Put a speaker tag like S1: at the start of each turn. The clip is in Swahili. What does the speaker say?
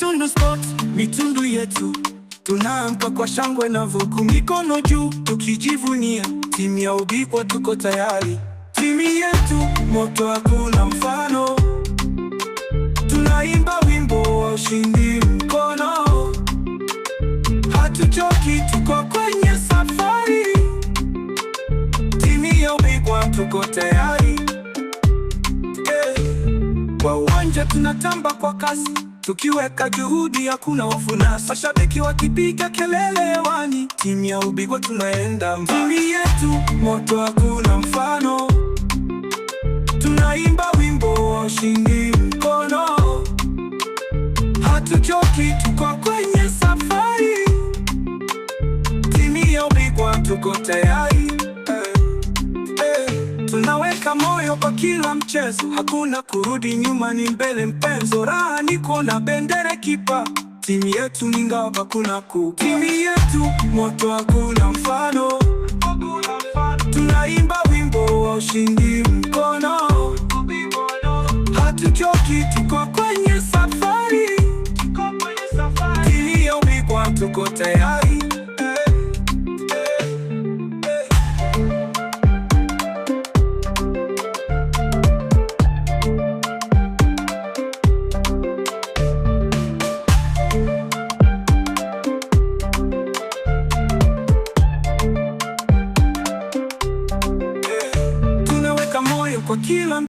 S1: Kitchen spot, mitundu yetu tunaamka kwa shangwe na vuku, mikono juu tukijivunia, timu ya ubikwa tuko tayari. Timu yetu moto, hakuna mfano, tunaimba wimbo wa ushindi mkono, hatuchoki, tuko kwenye safari, timu ya ubikwa tuko tayari. nje tunatamba kwa kasi, tukiweka juhudi hakuna hofu nasi. Mashabiki wakipiga kelele hewani, timu ya ubingwa tunaenda mbali. Timu yetu moto, hakuna mfano, tunaimba wimbo wa ushindi mkono, hatuchoki, tuko kwenye safari, timu ya ubingwa, tuko tayari. Tunaweka moyo kwa kila mchezo, hakuna kurudi nyuma, ni mbele mpenzo. Raha ni kuona bendera kipa, timu yetu ni ngao, hakuna ku timu yetu moto, hakuna mfano. Tunaimba wimbo wa ushindi mkono, hatuchoki, tuko kwenye safari, tuko tayari sonho com aquilo